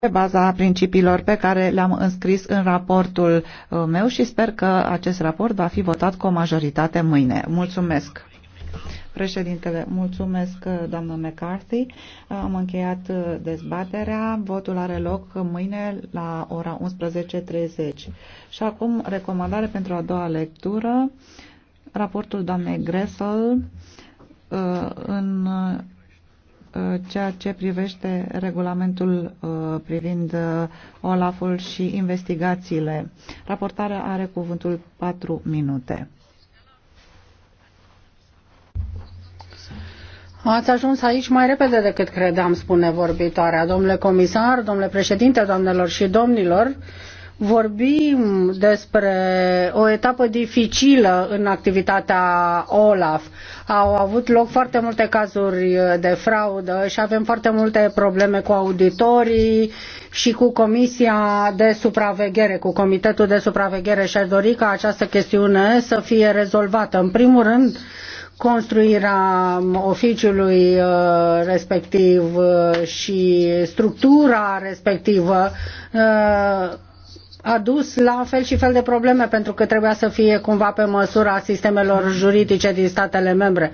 pe baza principiilor pe care le-am înscris în raportul uh, meu și sper că acest raport va fi votat cu o majoritate mâine. Mulțumesc! Președintele, mulțumesc, uh, doamnă McCarthy. Uh, am încheiat dezbaterea. Votul are loc mâine la ora 11.30. Și acum, recomandare pentru a doua lectură, raportul doamnei Gressel în Uh, ceea ce privește regulamentul uh, privind uh, Olaful și investigațiile. Raportarea are cuvântul 4 minute. Ați ajuns aici mai repede decât credeam, spune vorbitoarea. Domnule comisar, domnule președinte, doamnelor și domnilor, vorbim despre o etapă dificilă în activitatea OLAF. Au avut loc foarte multe cazuri de fraudă și avem foarte multe probleme cu auditorii și cu Comisia de Supraveghere, cu Comitetul de Supraveghere și aș dori ca această chestiune să fie rezolvată. În primul rând, construirea oficiului uh, respectiv uh, și structura respectivă uh, a dus la fel și fel de probleme pentru că trebuia să fie cumva pe măsura sistemelor juridice din statele membre.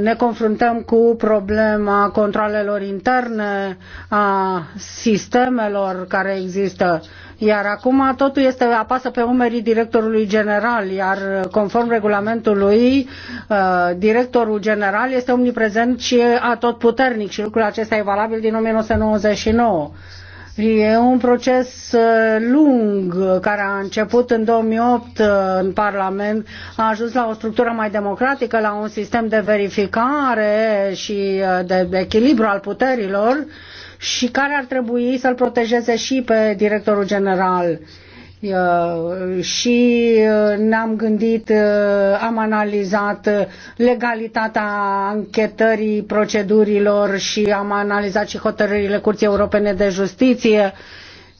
Ne confruntăm cu problema controlelor interne, a sistemelor care există, iar acum totul este apasă pe umerii directorului general, iar conform regulamentului, uh, directorul general este omniprezent și atotputernic și lucrul acesta e valabil din 1999 E un proces uh, lung uh, care a început în 2008 uh, în Parlament, a ajuns la o structură mai democratică, la un sistem de verificare și de, echilibru al puterilor și care ar trebui să-l protejeze și pe directorul general. Uh, Uh, și uh, ne-am gândit, uh, am analizat legalitatea anchetării procedurilor și am analizat și hotărârile Curții Europene de Justiție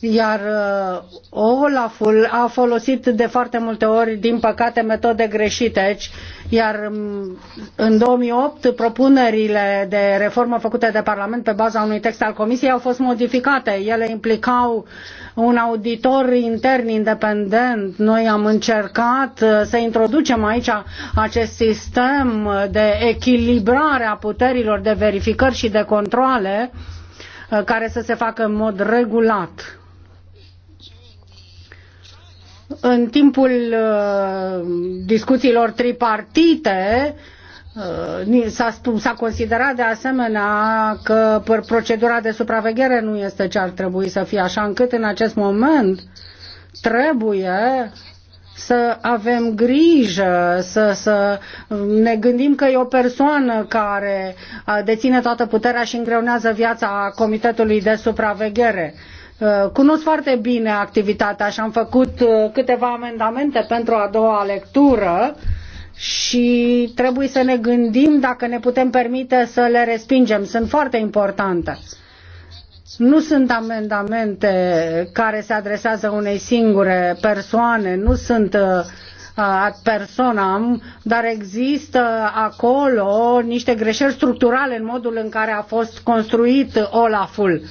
iar uh, Olaful a folosit de foarte multe ori, din păcate, metode greșite aici, iar um, în 2008 propunerile de reformă făcute de Parlament pe baza unui text al Comisiei au fost modificate. Ele implicau un auditor intern independent. Noi am încercat uh, să introducem aici acest sistem de echilibrare a puterilor de verificări și de controle uh, care să se facă în mod regulat. În timpul uh, discuțiilor tripartite, uh, S-a, considerat de asemenea că procedura de supraveghere nu este ce ar trebui să fie, așa încât în acest moment trebuie să avem grijă, să, să ne gândim că e o persoană care uh, deține toată puterea și îngreunează viața Comitetului de Supraveghere. Uh, cunosc foarte bine activitatea și am făcut uh, câteva amendamente pentru a doua lectură și trebuie să ne gândim dacă ne putem permite să le respingem. Sunt foarte importante. Nu sunt amendamente care se adresează unei singure persoane, nu sunt uh, ad personam, dar există acolo niște greșeli structurale în modul în care a fost construit Olaful. ul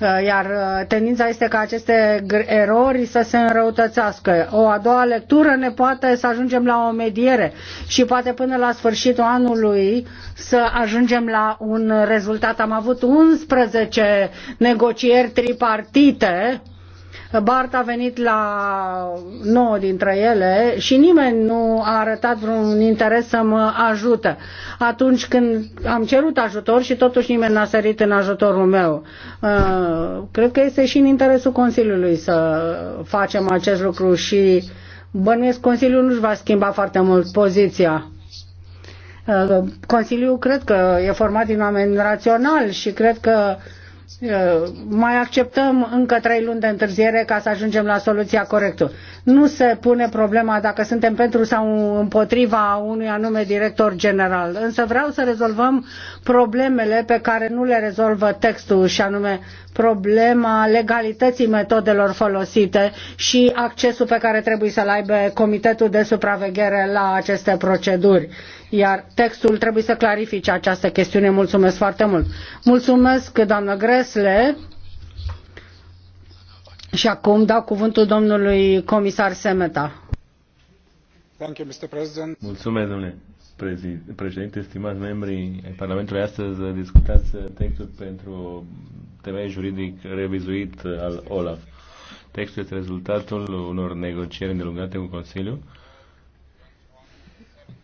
Uh, iar uh, tendința este ca aceste erori să se înrăutățească. O a doua lectură ne poate să ajungem la o mediere și poate până la sfârșitul anului să ajungem la un rezultat. Am avut 11 negocieri tripartite Bart a venit la nouă dintre ele și nimeni nu a arătat vreun interes să mă ajute. Atunci când am cerut ajutor și totuși nimeni n-a sărit în ajutorul meu. Uh, cred că este și în interesul Consiliului să facem acest lucru și bănuiesc Consiliul nu-și va schimba foarte mult poziția. Uh, Consiliul cred că e format din oameni raționali și cred că uh, Eh, mai acceptăm încă trei luni de întârziere ca să ajungem la soluția corectă. Nu se pune problema dacă suntem pentru sau împotriva unui anume director general, însă vreau să rezolvăm problemele pe care nu le rezolvă textul și anume problema legalității metodelor folosite și accesul pe care trebuie să-l aibă Comitetul de Supraveghere la aceste proceduri iar textul trebuie să clarifice această chestiune. Mulțumesc foarte mult. Mulțumesc, doamnă Gresle. Și acum dau cuvântul domnului comisar Semeta. Mulțumesc, domnule președinte, stimați membri ai Parlamentului. Astăzi discutați textul pentru temei juridic revizuit al OLAF. Textul este rezultatul unor negocieri îndelungate cu Consiliul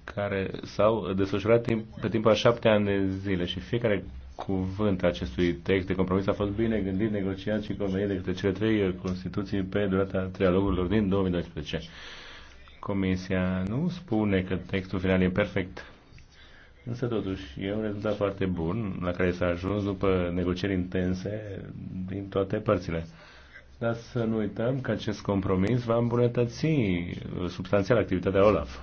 care s-au desfășurat timp, pe timpul a șapte ani de zile și fiecare cuvânt acestui text de compromis a fost bine gândit, negociat și convenit de către cele trei Constituții pe durata trialogurilor din 2012. Comisia nu spune că textul final e perfect, însă totuși e un rezultat foarte bun la care s-a ajuns după negocieri intense din toate părțile. Dar să nu uităm că acest compromis va îmbunătăți uh, substanțial activitatea OLAF.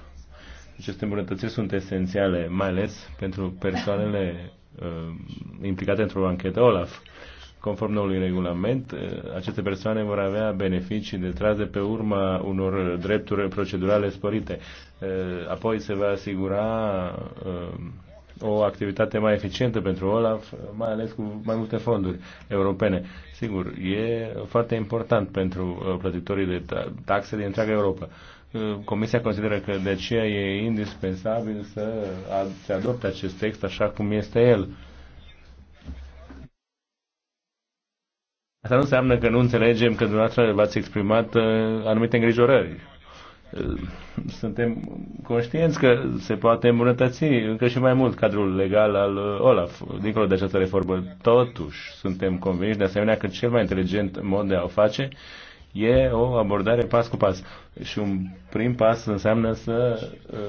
Aceste îmbunătățiri sunt esențiale, mai ales pentru persoanele uh, implicate într-o anchetă OLAF. Conform noului regulament, uh, aceste persoane vor avea beneficii de traze pe urma unor drepturi procedurale sporite. Uh, apoi se va asigura uh, o activitate mai eficientă pentru OLAF, mai ales cu mai multe fonduri europene. Sigur, e foarte important pentru plătitorii de taxe din întreaga Europa. Comisia consideră că de aceea e indispensabil să se adopte acest text așa cum este el. Asta nu înseamnă că nu înțelegem că dumneavoastră v-ați exprimat uh, anumite îngrijorări. Uh, suntem conștienți că se poate îmbunătăți încă și mai mult cadrul legal al uh, OLAF, dincolo de această reformă. Totuși, suntem convinși de asemenea că cel mai inteligent mod de a o face E o abordare pas cu pas. Și un prim pas înseamnă să uh,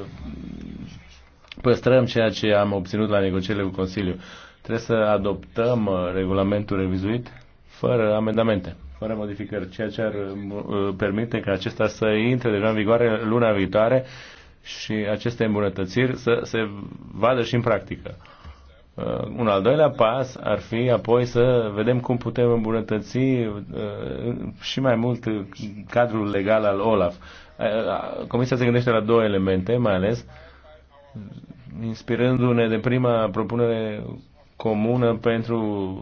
păstrăm ceea ce am obținut la negocierile cu Consiliu. Trebuie să adoptăm uh, regulamentul revizuit fără amendamente, fără modificări, ceea ce ar uh, permite ca acesta să intre deja în vigoare luna viitoare și aceste îmbunătățiri să se vadă și în practică. Uh, un al doilea pas ar fi apoi să vedem cum putem îmbunătăți uh, și mai mult cadrul legal al OLAF. Uh, Comisia se gândește la două elemente, mai ales inspirându-ne de prima propunere comună pentru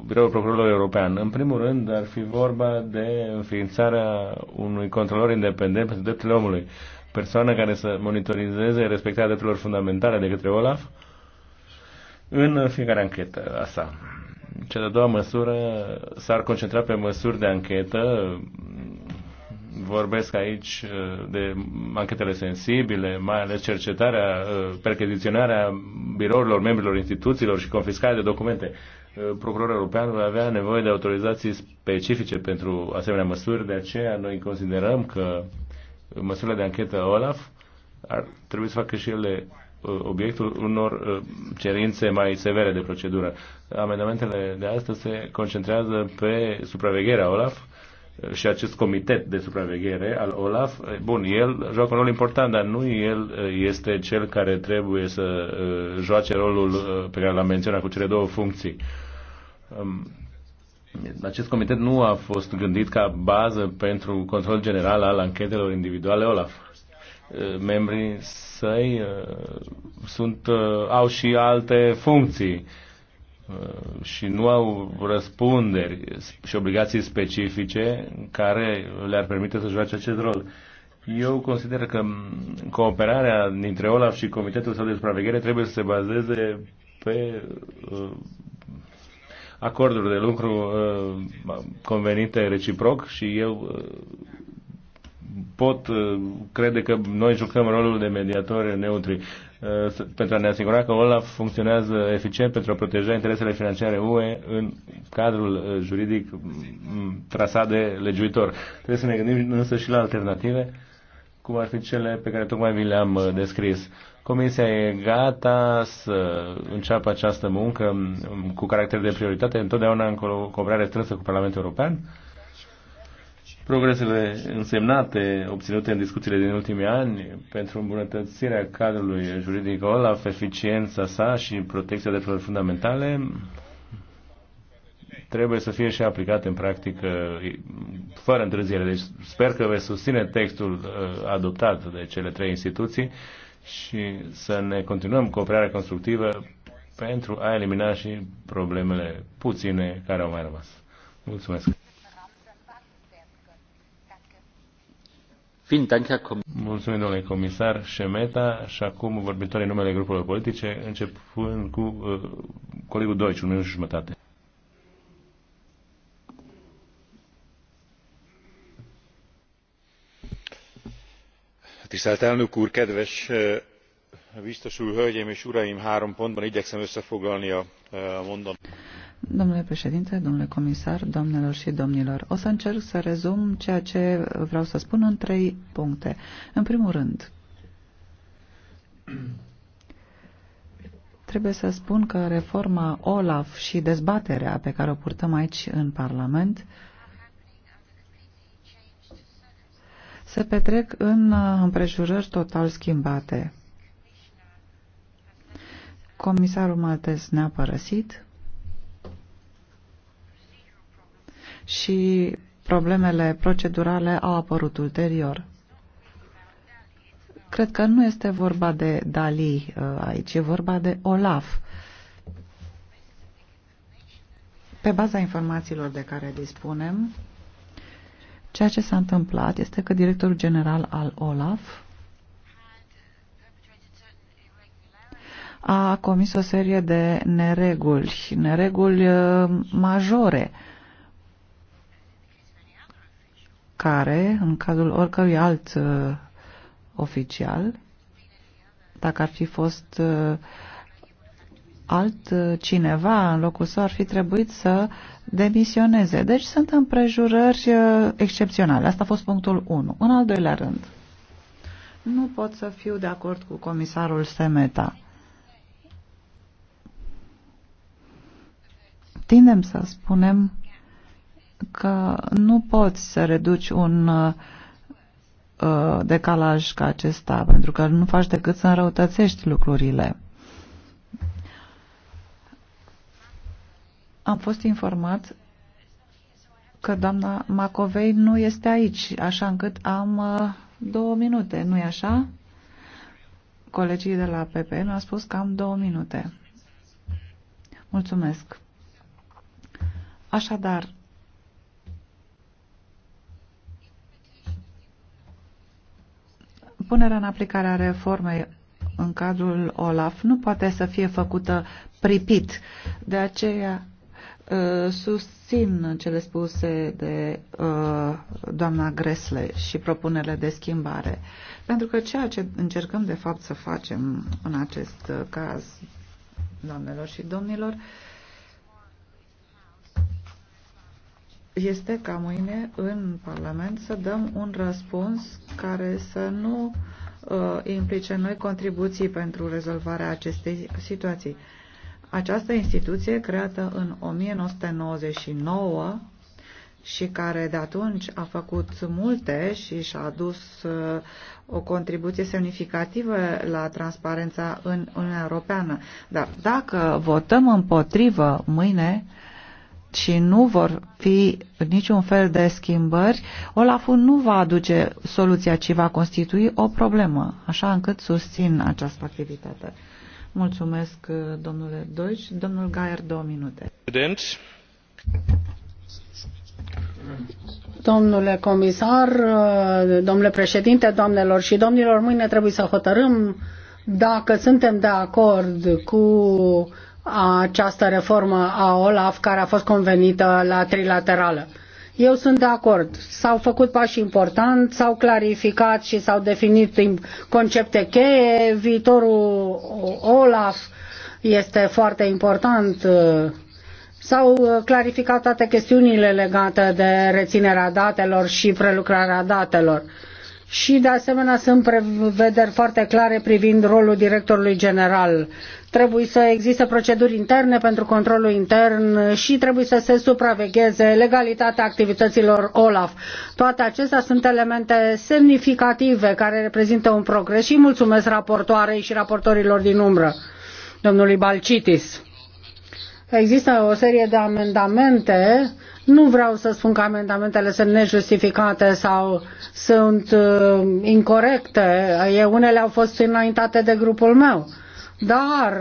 Biroul Procurorilor European. În primul rând, ar fi vorba de înființarea unui controlor independent pentru drepturile omului, persoană care să monitorizeze respectarea drepturilor fundamentale de către OLAF, uh, în fiecare anchetă a sa. Cea de-a doua măsură s-ar concentra pe măsuri de anchetă. Vorbesc aici uh, de anchetele sensibile, mai ales cercetarea, uh, percheziționarea birourilor, membrilor instituțiilor și confiscarea de documente. Uh, Procurorul European va avea nevoie de autorizații specifice pentru asemenea măsuri, de aceea noi considerăm că măsurile de anchetă OLAF ar trebui să facă și ele Uh, obiectul unor uh, cerințe mai severe de procedură. Amendamentele de astăzi se concentrează pe supravegherea OLAF uh, și acest comitet de supraveghere al OLAF, bun, el joacă un rol important, dar nu el este cel care trebuie să joace rolul pe care l-am menționat cu cele două funcții. Um, acest comitet nu a fost gândit ca bază pentru control general al anchetelor individuale OLAF Uh, membrii săi uh, sunt, uh, au și alte funcții și nu au răspunderi și obligații specifice care le-ar permite să joace acest rol. Eu consider că cooperarea dintre OLAF și Comitetul său de supraveghere trebuie să se bazeze pe acorduri de lucru convenite reciproc și eu pot uh, crede că noi jucăm rolul de mediatori neutri uh, pentru a ne asigura că OLAF funcționează eficient pentru a proteja interesele financiare UE în cadrul uh, juridic trasat de legiuitor. Trebuie să ne gândim însă și la alternative, cum ar fi cele pe care tocmai vi le-am descris. Comisia e gata să înceapă această muncă cu caracter de prioritate, întotdeauna în cooperare strânsă cu Parlamentul European Progresele însemnate obținute în discuțiile din ultimii ani pentru îmbunătățirea cadrului juridic OLAF, eficiența sa și protecția drepturilor fundamentale trebuie să fie și aplicate în practică fără întârziere. Deci sper că veți susține textul uh, adoptat de cele trei instituții și să ne continuăm cooperarea constructivă pentru a elimina și problemele puține care au mai rămas. Mulțumesc! Mulțumim, domnule comisar Șemeta. Și acum vorbitorii numele grupurilor politice, începând cu uh, colegul Doici, un minut și jumătate. Tisztelt elnök úr, kedves uh, biztos úr, hölgyeim és uraim, három pontban igyekszem összefoglalni a uh, mondanómat. Domnule președinte, domnule comisar, domnilor și domnilor, o să încerc să rezum ceea ce vreau să spun în trei puncte. În primul rând, trebuie să spun că reforma OLAF și dezbaterea pe care o purtăm aici în Parlament se petrec în împrejurări total schimbate. Comisarul Maltes ne-a părăsit, și problemele procedurale au apărut ulterior. Cred că nu este vorba de Dali uh, aici, e vorba de Olaf. Pe baza informațiilor de care dispunem, ceea ce s-a întâmplat este că directorul general al Olaf a comis o serie de nereguli, nereguli uh, majore care, în cazul oricărui alt uh, oficial, dacă ar fi fost uh, alt uh, cineva în locul său, ar fi trebuit să demisioneze. Deci sunt împrejurări uh, excepționale. Asta a fost punctul 1. În al doilea rând, nu pot să fiu de acord cu comisarul Semeta. Tindem să spunem că nu poți să reduci un uh, decalaj ca acesta, pentru că nu faci decât să înrăutățești lucrurile. Am fost informat că doamna Macovei nu este aici, așa încât am uh, două minute, nu-i așa? Colegii de la PP mi-au spus că am două minute. Mulțumesc. Așadar, Punerea în aplicare a reformei în cadrul OLAF nu poate să fie făcută pripit. De aceea uh, susțin cele spuse de uh, doamna Gresle și propunerile de schimbare. Pentru că ceea ce încercăm de fapt să facem în acest uh, caz, doamnelor și domnilor, este ca mâine în Parlament să dăm un răspuns care să nu uh, implice noi contribuții pentru rezolvarea acestei situații. Această instituție, creată în 1999 și care de atunci a făcut multe și și-a adus uh, o contribuție semnificativă la transparența în Uniunea Europeană. Dar dacă votăm împotrivă mâine, uh, și nu vor fi niciun fel de schimbări, olaf nu va aduce soluția, ci va constitui o problemă, așa încât susțin această activitate. Mulțumesc, domnule Deutsch. Domnul Gaier, două minute. Evident. Domnule comisar, domnule președinte, doamnelor și domnilor, mâine trebuie să hotărâm dacă suntem de acord cu această reformă a OLAF care a fost convenită la trilaterală. Eu sunt de acord. S-au făcut pași importanti, s-au clarificat și s-au definit concepte cheie. Viitorul OLAF este foarte important. S-au clarificat toate chestiunile legate de reținerea datelor și prelucrarea datelor și de asemenea sunt prevederi foarte clare privind rolul directorului general. Trebuie să existe proceduri interne pentru controlul intern și trebuie să se supravegheze legalitatea activităților OLAF. Toate acestea sunt elemente semnificative care reprezintă un progres și mulțumesc raportoarei și raportorilor din umbră, domnului Balcitis. Există o serie de amendamente nu vreau să spun că amendamentele sunt nejustificate sau sunt uh, incorrecte. unele au fost înaintate de grupul meu. Dar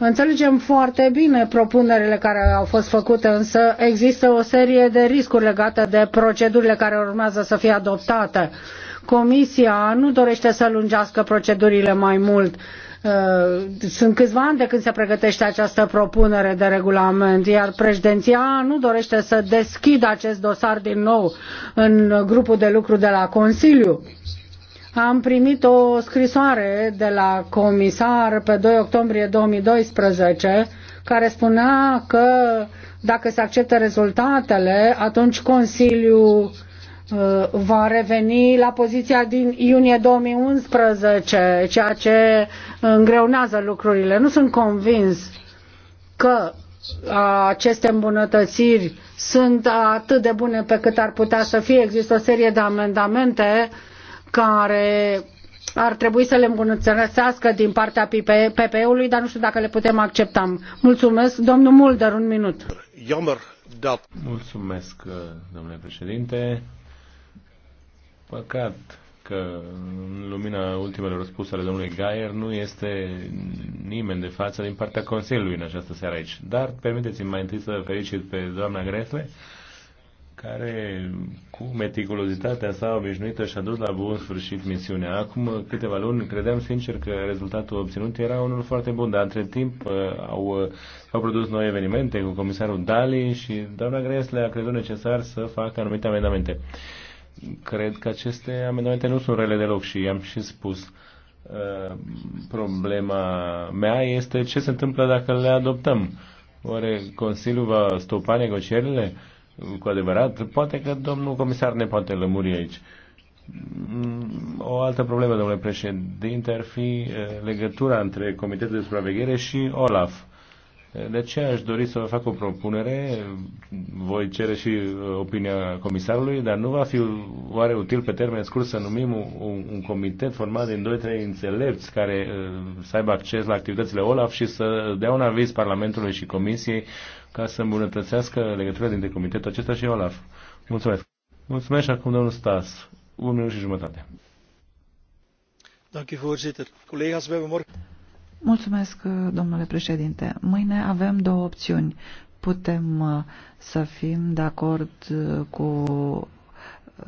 Înțelegem foarte bine propunerile care au fost făcute, însă există o serie de riscuri legate de procedurile care urmează să fie adoptate. Comisia nu dorește să lungească procedurile mai mult. Uh, sunt câțiva ani de când se pregătește această propunere de regulament, iar președinția nu dorește să deschidă acest dosar din nou în grupul de lucru de la Consiliu. Am primit o scrisoare de la comisar pe 2 octombrie 2012 care spunea că dacă se acceptă rezultatele, atunci Consiliul uh, va reveni la poziția din iunie 2011, ceea ce îngreunează lucrurile. Nu sunt convins că aceste îmbunătățiri sunt atât de bune pe cât ar putea să fie. Există o serie de amendamente uh, care ar trebui să le îmbunătățească din partea PPE-ului, dar nu știu dacă le putem accepta. Mulțumesc. Domnul Mulder, un minut. Da. Mulțumesc, uh, domnule președinte. Păcat că în lumina ultimelor spuse ale domnului Gaier nu este nimeni de față din partea Consiliului în această seară aici. Dar permiteți-mi mai întâi să felicit pe doamna Gresle care cu meticulozitatea sa obișnuită și-a dus la bun sfârșit misiunea. Acum câteva luni credeam sincer că rezultatul obținut era unul foarte bun, dar între timp uh, au, uh, au produs noi evenimente cu comisarul Dali și doamna le a crezut necesar să facă anumite amendamente. Cred că aceste amendamente nu sunt rele deloc și am și spus uh, problema mea este ce se întâmplă dacă le adoptăm. Oare Consiliul va stopa negocierile? Uh, cu adevărat. Poate că domnul comisar ne poate lămuri aici. O altă problemă, domnule președinte, ar fi eh, legătura între Comitetul de Supraveghere și OLAF. De aceea aș dori să vă fac o propunere, voi cere și uh, opinia comisarului, dar nu va fi oare util pe termen scurt să numim un, un comitet format din 2-3 înțelepți care uh, să aibă acces la activitățile OLAF și să dea un aviz Parlamentului și Comisiei ca să îmbunătățească legătura dintre comitetul acesta și OLAF. Mulțumesc. Mulțumesc și acum domnul Stas. Un minut și jumătate. Dank u voorzitter. Collega's, we hebben morgen... Mulțumesc, uh, domnule președinte. Mâine avem două opțiuni. Putem uh, să fim de acord uh, cu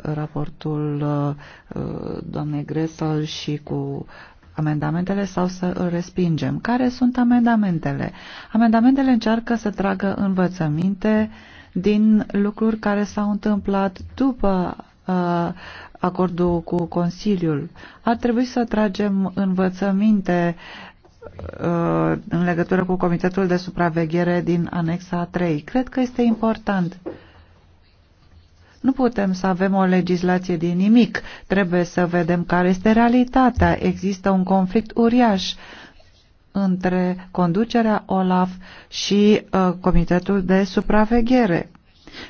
raportul doamnei Gresel și cu amendamentele sau să îl respingem. Care sunt amendamentele? Amendamentele încearcă să tragă învățăminte din lucruri care s-au întâmplat după acordul cu Consiliul. Ar trebui să tragem învățăminte Uh, în legătură cu Comitetul de Supraveghere din anexa 3. Cred că este important. Nu putem să avem o legislație din nimic. Trebuie să vedem care este realitatea. Există un conflict uriaș între conducerea OLAF și uh, Comitetul de Supraveghere.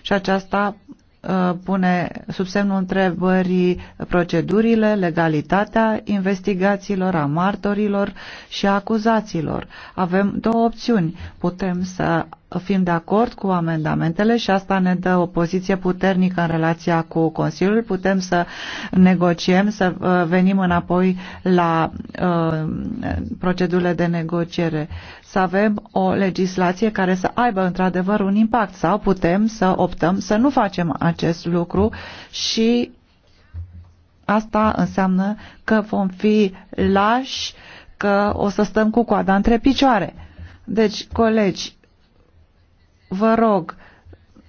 Și aceasta Uh, pune sub semnul întrebării procedurile, legalitatea investigațiilor, a martorilor și a acuzațiilor. Avem două opțiuni. Putem să fim de acord cu amendamentele și asta ne dă o poziție puternică în relația cu Consiliul. Putem să negociem, să uh, venim înapoi la uh, procedurile de negociere, să avem o legislație care să aibă într-adevăr un impact sau putem să optăm să nu facem acest lucru și asta înseamnă că vom fi lași, că o să stăm cu coada între picioare. Deci, colegi, Vă rog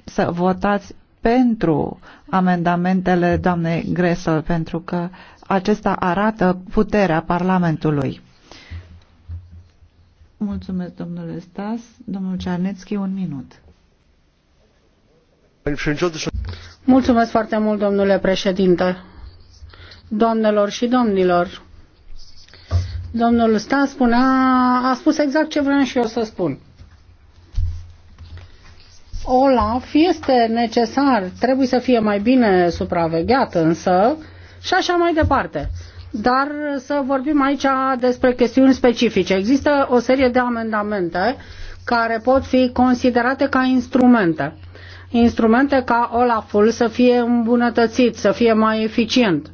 să votați pentru amendamentele doamnei Gresel, pentru că acesta arată puterea Parlamentului. Mulțumesc, domnule Stas. Domnul Cearnețchi, un minut. Mulțumesc foarte mult, domnule președinte. Doamnelor și domnilor, domnul Stas spunea, a spus exact ce vreau și eu să spun. Olaf este necesar, trebuie să fie mai bine supravegheat însă și așa mai departe. Dar să vorbim aici despre chestiuni specifice. Există o serie de amendamente care pot fi considerate ca instrumente. Instrumente ca Olaful să fie îmbunătățit, să fie mai eficient.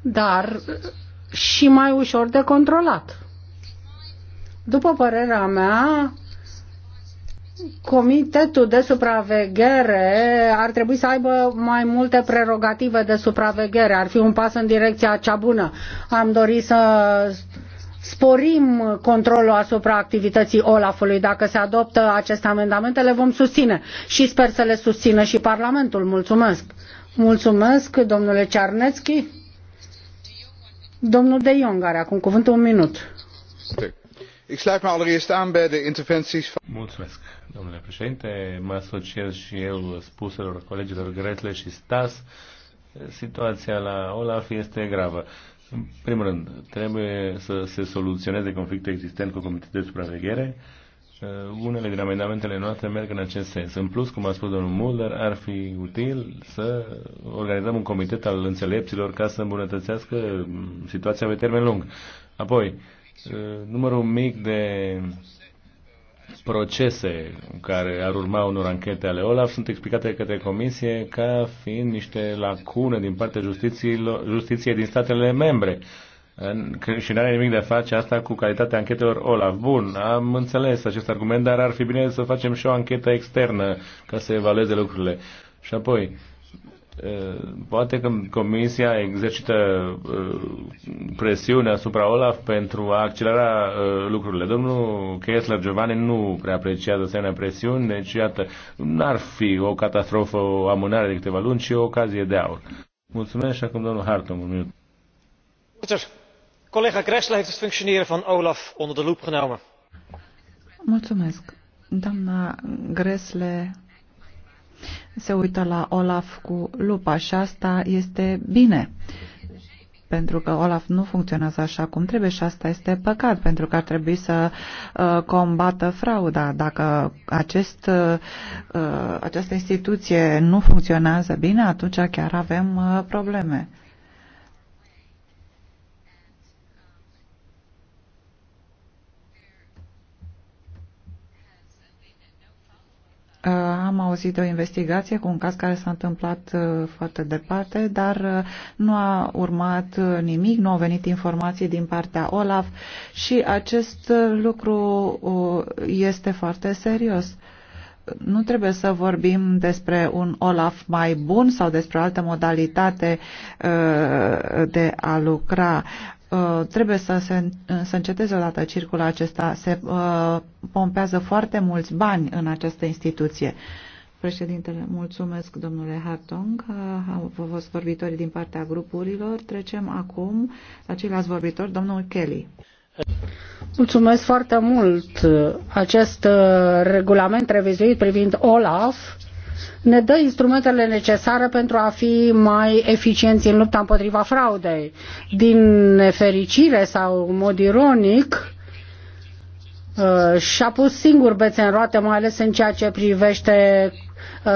Dar și mai ușor de controlat. După părerea mea, Comitetul de supraveghere ar trebui să aibă mai multe prerogative de supraveghere. Ar fi un pas în direcția cea bună. Am dorit să sporim controlul asupra activității Olafului. Dacă se adoptă aceste amendamente, le vom susține și sper să le susțină și Parlamentul. Mulțumesc. Mulțumesc, domnule Cearnețchi. Domnul De Jong are acum cuvântul un minut. Ik sluit me allereerst aan bij de interventies van... Mulțumesc, domnule președinte. Mă asociez și eu spuselor colegilor Gretle și Stas. Situația la Olaf este gravă. În primul rând, trebuie să se soluționeze conflictul existent cu Comitetul de Supraveghere. Uh, unele din amendamentele noastre merg în acest sens. În plus, cum a spus domnul Mulder, ar fi util să organizăm un comitet al înțelepților ca să îmbunătățească mm, situația pe termen lung. Apoi, Uh, numărul mic de procese care ar urma unor anchete ale OLAF sunt explicate către comisie ca fiind niște lacune din partea justiției din statele membre. Și nu are nimic de a face asta cu calitatea anchetelor OLAF. Bun, am înțeles acest argument, dar ar fi bine să facem și o anchetă externă ca să evalueze lucrurile. Și apoi, Eh, poate că Comisia exercită eh, presiune asupra Olaf pentru a accelera eh, lucrurile. Domnul Kessler Giovanni nu prea apreciază asemenea presiuni, deci iată, n-ar fi o catastrofă, o amânare de câteva luni, ci o ocazie de aur. Mulțumesc și acum domnul Hartung, un minut. Collega Gressler heeft het functioneren van Olaf onder de loep genomen. Mulțumesc. Doamna Gresle se uită la Olaf cu lupa și asta este bine pentru că Olaf nu funcționează așa cum trebuie și asta este păcat, pentru că ar trebui să uh, combată frauda. Dacă acest, uh, uh această instituție nu funcționează bine, atunci chiar avem uh, probleme. Uh, am auzit de o investigație cu un caz care s-a întâmplat uh, foarte departe, dar uh, nu a urmat nimic, nu au venit informații din partea OLAF și acest lucru este foarte serios. Nu trebuie să vorbim despre un OLAF mai bun sau despre o altă modalitate de a lucra. Uh, trebuie să, se, uh, să înceteze odată circul acesta. Se uh, pompează foarte mulți bani în această instituție. Președintele, mulțumesc, domnule Hartong. Uh, au fost vorbitorii din partea grupurilor. Trecem acum la ceilalți vorbitori, domnul Kelly. Mulțumesc foarte mult. Acest regulament revizuit privind OLAF ne dă instrumentele necesare pentru a fi mai eficienți în lupta împotriva fraudei. Din nefericire sau în mod ironic, uh, și-a pus singur bețe în roate, mai ales în ceea ce privește uh,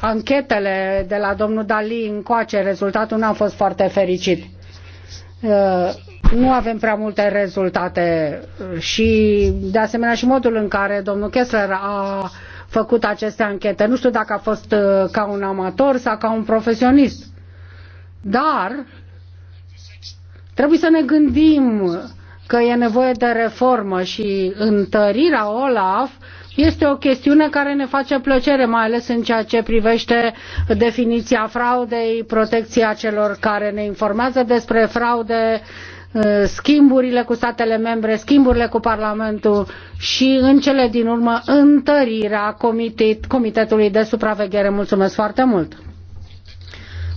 anchetele de la domnul Dali încoace. Rezultatul n-a fost foarte fericit. Uh, nu avem prea multe rezultate și, de asemenea, și modul în care domnul Kessler a făcut aceste anchete. Nu știu dacă a fost uh, ca un amator sau ca un profesionist. Dar trebuie să ne gândim că e nevoie de reformă și întărirea OLAF este o chestiune care ne face plăcere, mai ales în ceea ce privește definiția fraudei, protecția celor care ne informează despre fraude, Uh, schimburile cu statele membre, schimburile cu Parlamentul și în cele din urmă întărirea comitet, Comitetului de Supraveghere. Mulțumesc foarte mult!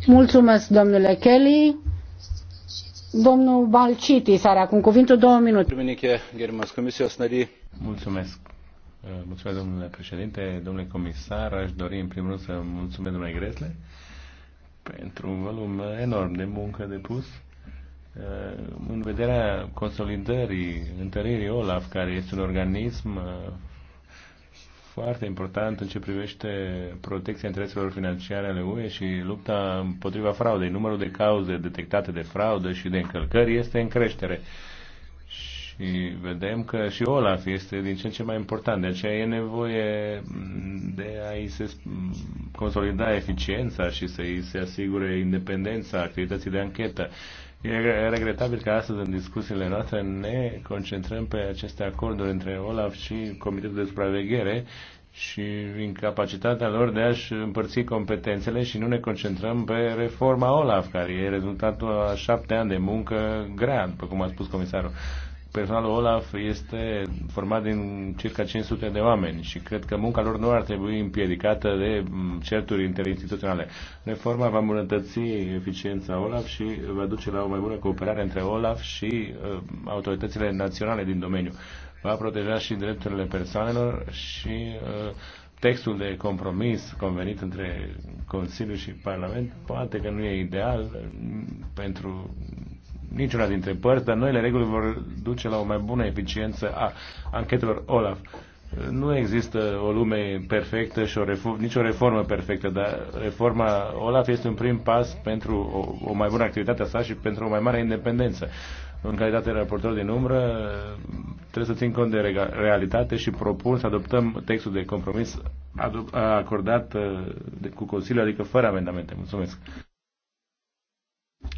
Mulțumesc, domnule Kelly. Domnul Balciti are acum cuvântul două minute. Mulțumesc. Uh, mulțumesc, domnule președinte, domnule comisar. Aș dori, în primul rând, să mulțumesc, domnului Gresle, pentru volum enorm de muncă depus în vederea consolidării, întăririi OLAF, care este un organism uh, foarte important în ce privește protecția intereselor financiare ale UE și lupta împotriva fraudei. Numărul de cauze detectate de fraudă și de încălcări este în creștere. Și vedem că și Olaf este din ce în ce mai important. De aceea e nevoie de a-i se consolida eficiența și să-i se asigure independența activității de anchetă. E regretabil că astăzi în discuțiile noastre ne concentrăm pe aceste acorduri între Olaf și Comitetul de Supraveghere și incapacitatea lor de a-și împărți competențele și nu ne concentrăm pe reforma Olaf, care e rezultatul a șapte ani de muncă grea, după cum a spus comisarul personalul Olaf este format din circa 500 de oameni și cred că munca lor nu ar trebui împiedicată de mm, certuri interinstituționale. Reforma va îmbunătăți eficiența Olaf și va duce la o mai bună cooperare între Olaf și uh, autoritățile naționale din domeniu. Va proteja și drepturile persoanelor și uh, textul de compromis convenit între Consiliu și Parlament poate că nu e ideal mm, pentru niciuna dintre părți, dar noile reguli vor duce la o mai bună eficiență a anchetelor OLAF. Nu există o lume perfectă și o reform, nicio reformă perfectă, dar reforma OLAF este un prim pas pentru o, o mai bună activitate a sa și pentru o mai mare independență. În calitate de raportor din umbră, trebuie să țin cont de realitate și propun să adoptăm textul de compromis acordat uh, de, cu Consiliul, adică fără amendamente. Mulțumesc!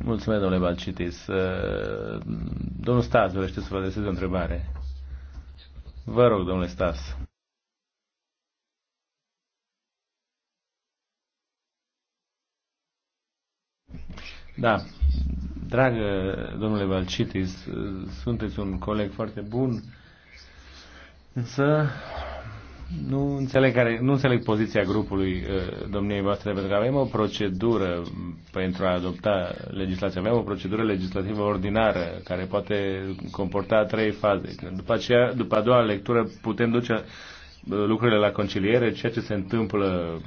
Mulțumesc, domnule Balcitis. Uh, domnul Stas, vreau să vă adresez o întrebare. Vă rog, domnule Stas. Da, dragă domnule Balcitis, uh, sunteți un coleg foarte bun, însă nu înțeleg, care, nu înțeleg poziția grupului uh, domniei voastre, pentru că avem o procedură pentru a adopta legislația. Avem o procedură legislativă ordinară care poate comporta trei faze. După, aceea, după a doua lectură putem duce uh, lucrurile la conciliere, ceea ce se întâmplă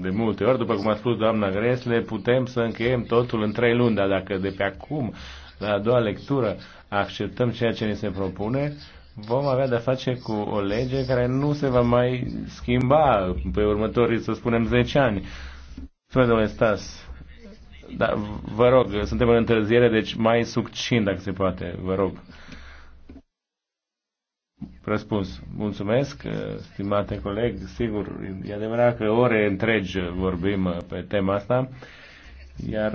de multe ori. După cum a spus doamna Gresle, putem să încheiem totul în trei luni, dar dacă de pe acum, la a doua lectură, acceptăm ceea ce ne se propune, vom avea de-a face cu o lege care nu se va mai schimba pe următorii, să spunem, 10 ani. Spune, domnule Stas, da, vă rog, suntem în întârziere, deci mai succint dacă se poate, vă rog. Răspuns. Mulțumesc, stimate coleg. Sigur, e adevărat că ore întregi vorbim pe tema asta, iar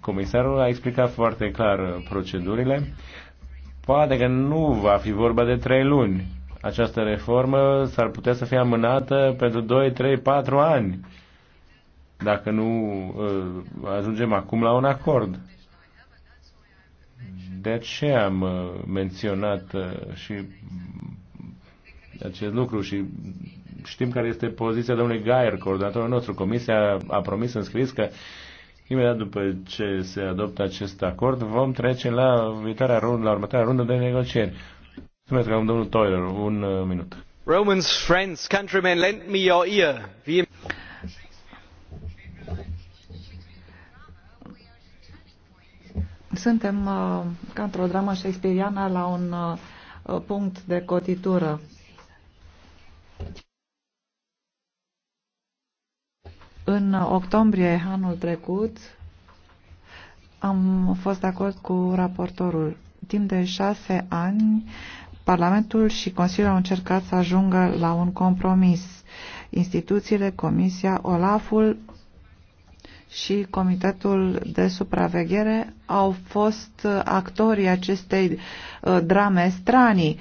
comisarul a explicat foarte clar procedurile. Poate că nu va fi vorba de trei luni. Această reformă s-ar putea să fie amânată pentru 2, 3, 4 ani, dacă nu uh, ajungem acum la un acord. De ce am uh, menționat uh, și acest lucru și știm care este poziția domnului Gaier, coordonatorul nostru. Comisia a promis în scris că Imediat după ce se adoptă acest acord, vom trece la, viitoarea rundă, la următoarea rundă de negocieri. Mulțumesc, am domnul Toiler, un uh, minut. Romans, friends, countrymen, lend me your ear. Wie... Suntem uh, ca într-o dramă shakespeariană la un uh, punct de cotitură. În octombrie anul trecut am fost de acord cu raportorul. Timp de șase ani, Parlamentul și Consiliul au încercat să ajungă la un compromis. Instituțiile, Comisia, Olaful și Comitetul de Supraveghere au fost actorii acestei uh, drame stranii.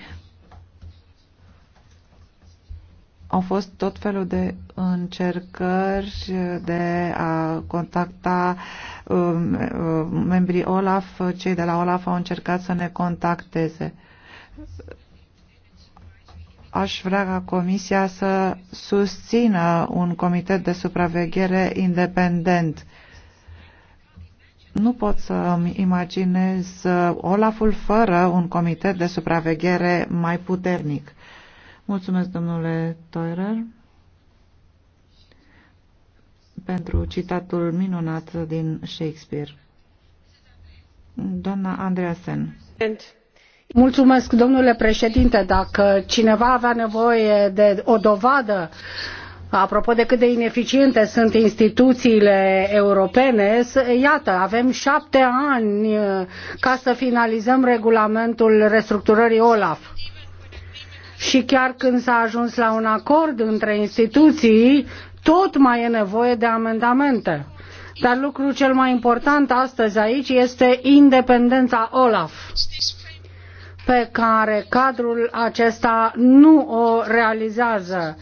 Au fost tot felul de încercări de a contacta um, um, membrii OLAF. Cei de la OLAF au încercat să ne contacteze aș vrea ca Comisia să susțină un comitet de supraveghere independent. Nu pot să îmi imaginez Olaful fără un comitet de supraveghere mai puternic. Mulțumesc, domnule Toirer, pentru citatul minunat din Shakespeare. Doamna Andreasen. Mulțumesc, domnule președinte. Dacă cineva avea nevoie de o dovadă apropo de cât de ineficiente sunt instituțiile europene, iată, avem șapte ani ca să finalizăm regulamentul restructurării OLAF și chiar când s-a ajuns la un acord între instituții, tot mai e nevoie de amendamente. Dar lucrul cel mai important astăzi aici este independența OLAF, pe care cadrul acesta nu o realizează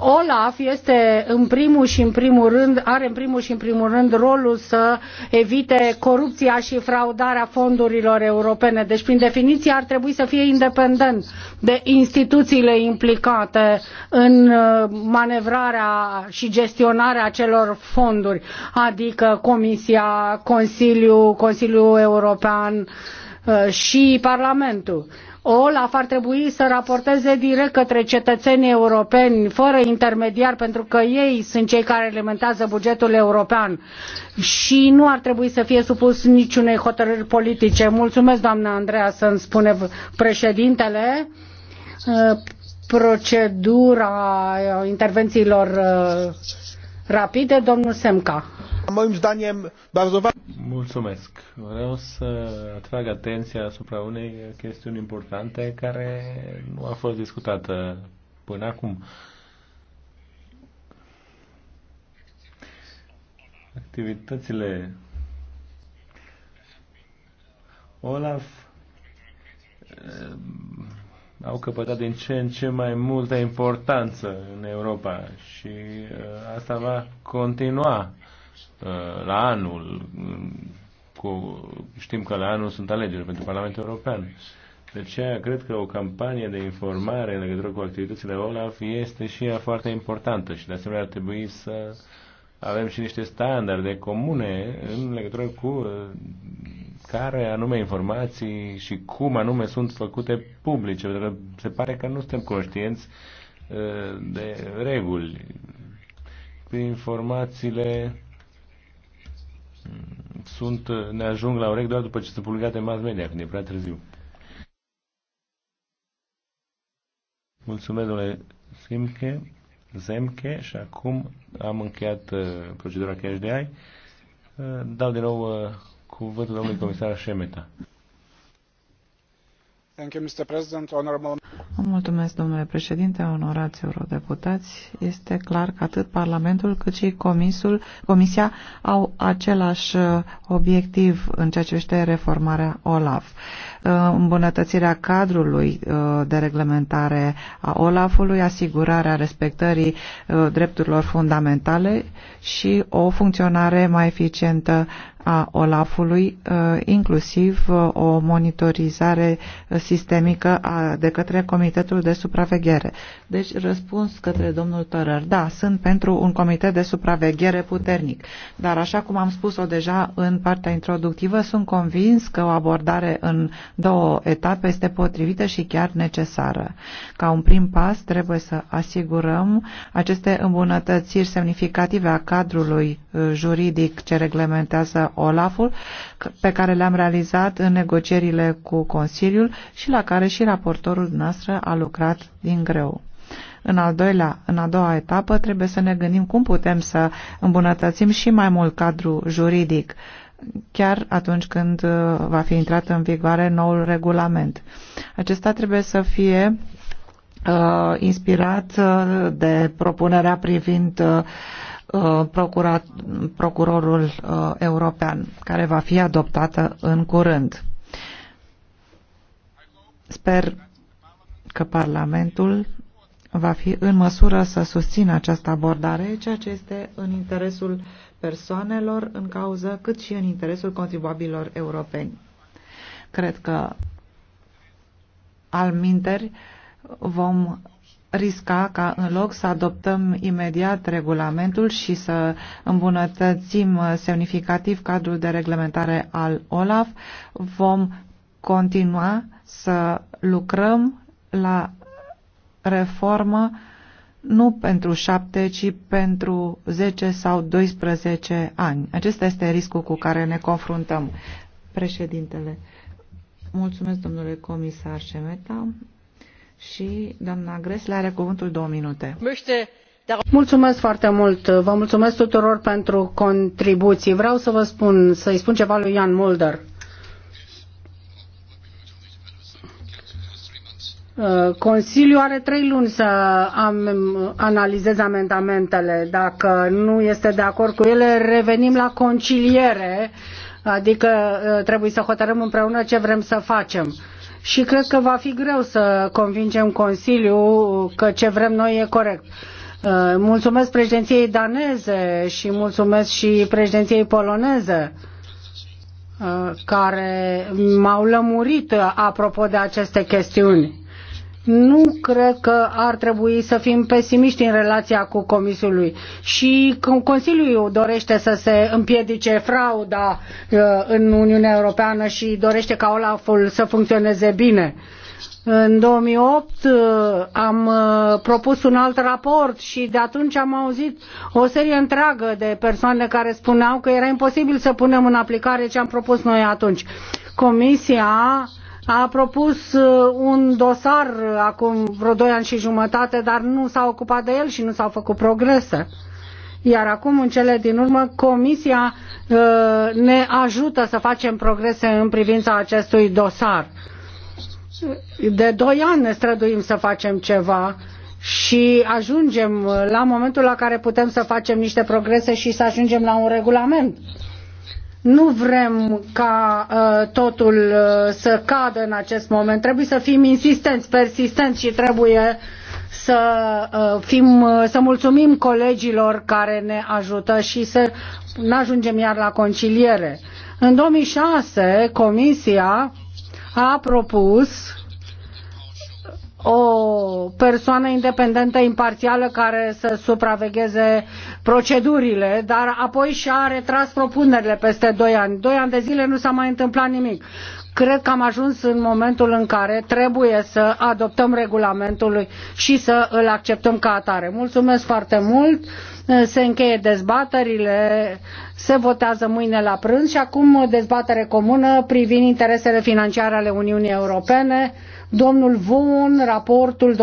Olaf este în primul și în primul rând, are în primul și în primul rând rolul să evite corupția și fraudarea fondurilor europene. Deci, prin definiție, ar trebui să fie independent de instituțiile implicate în uh, manevrarea și gestionarea acelor fonduri, adică Comisia, Consiliul, Consiliul European uh, și Parlamentul Olaf ar trebui să raporteze direct către cetățenii europeni, fără intermediar, pentru că ei sunt cei care elementează bugetul european și nu ar trebui să fie supus niciunei hotărâri politice. Mulțumesc, doamna Andreea, să îmi spune președintele. Procedura intervențiilor uh, rapide, domnul Semca. Moim zdaniem, bardzo Mulțumesc. Vreau să atrag atenția asupra unei chestiuni importante care nu a fost discutată până acum. Activitățile Olaf eh, au căpătat din ce în ce mai multă importanță în Europa și eh, asta va continua Uh, la anul, um, cu, știm că la anul sunt alegeri pentru Parlamentul European. De aceea cred că o campanie de informare în legătură cu activitățile OLAF este și ea foarte importantă și de asemenea ar trebui să avem și niște standarde comune în legătură cu uh, care anume informații și cum anume sunt făcute publice, pentru că se pare că nu suntem conștienți uh, de reguli. Prin informațiile sunt, ne ajung la urechi doar după ce sunt publicate în mass media, când e prea târziu. Mulțumesc, domnule Simche, Zemche, și acum am încheiat uh, procedura cash de ai. Uh, dau din nou uh, cuvântul domnului comisar Șemeta. Mulțumesc, domnule președinte, onorați eurodeputați. Este clar că atât Parlamentul cât și Comisul, Comisia au același uh, obiectiv în ceea ce este reformarea OLAF. Uh, îmbunătățirea cadrului uh, de reglementare a OLAF-ului, asigurarea respectării drepturilor fundamentale și o funcționare mai eficientă a Olafului, uh, inclusiv uh, o monitorizare sistemică de către Comitetul de Supraveghere. Deci, răspuns către domnul Tărăr, da, sunt pentru un comitet de supraveghere puternic, dar așa cum am spus-o deja în partea introductivă, sunt convins că o abordare în două etape este potrivită și chiar necesară. Ca un prim pas, trebuie să asigurăm aceste îmbunătățiri semnificative a cadrului uh, juridic ce reglementează Olaful pe care le-am realizat în negocierile cu Consiliul și la care și raportorul noastră a lucrat din greu. În, al doilea, în a doua etapă trebuie să ne gândim cum putem să îmbunătățim și mai mult cadrul juridic, chiar atunci când uh, va fi intrat în vigoare noul regulament. Acesta trebuie să fie uh, inspirat uh, de propunerea privind uh, Uh, procurat, procurorul uh, european, care va fi adoptată în curând. Sper că Parlamentul va fi în măsură să susțină această abordare, ceea ce este în interesul persoanelor în cauză, cât și în interesul contribuabililor europeni. Cred că al minteri vom risca ca în loc să adoptăm imediat regulamentul și să îmbunătățim uh, semnificativ cadrul de reglementare al OLAF, vom continua să lucrăm la reformă nu pentru șapte, ci pentru 10 sau 12 ani. Acesta este riscul cu care ne confruntăm. Președintele, mulțumesc domnule comisar Șemeta și doamna Gresle are cuvântul două minute. Mulțumesc foarte mult. Vă mulțumesc tuturor pentru contribuții. Vreau să vă spun, să-i spun ceva lui Ian Mulder. Uh, Consiliul are trei luni să am, analizeze amendamentele. Dacă nu este de acord cu ele, revenim la conciliere, adică uh, trebuie să hotărâm împreună ce vrem să facem și cred că va fi greu să convingem Consiliul că ce vrem noi e corect. Uh, mulțumesc președinției daneze și mulțumesc și președinției poloneze uh, care m-au lămurit apropo de aceste chestiuni nu cred că ar trebui să fim pesimiști în relația cu Comisului și Consiliul dorește să se împiedice frauda uh, în Uniunea Europeană și dorește ca Olaful să funcționeze bine. În 2008 uh, am uh, propus un alt raport și de atunci am auzit o serie întreagă de persoane care spuneau că era imposibil să punem în aplicare ce am propus noi atunci. Comisia a propus uh, un dosar uh, acum vreo doi ani și jumătate, dar nu s-a ocupat de el și nu s-au făcut progrese. Iar acum, în cele din urmă, Comisia uh, ne ajută să facem progrese în privința acestui dosar. De doi ani ne străduim să facem ceva și ajungem la momentul la care putem să facem niște progrese și să ajungem la un regulament nu vrem ca uh, totul uh, să cadă în acest moment. Trebuie să fim insistenți, persistenți și trebuie să, uh, fim, uh, să mulțumim colegilor care ne ajută și să nu ajungem iar la conciliere. În 2006, Comisia a propus o persoană independentă, imparțială, care să supravegheze procedurile, dar apoi și-a retras propunerile peste doi ani. Doi ani de zile nu s-a mai întâmplat nimic. Cred că am ajuns în momentul în care trebuie să adoptăm regulamentul și să îl acceptăm ca atare. Mulțumesc foarte mult, se încheie dezbaterile, se votează mâine la prânz și acum o dezbatere comună privind interesele financiare ale Uniunii Europene. Domnul Vaughan, raportul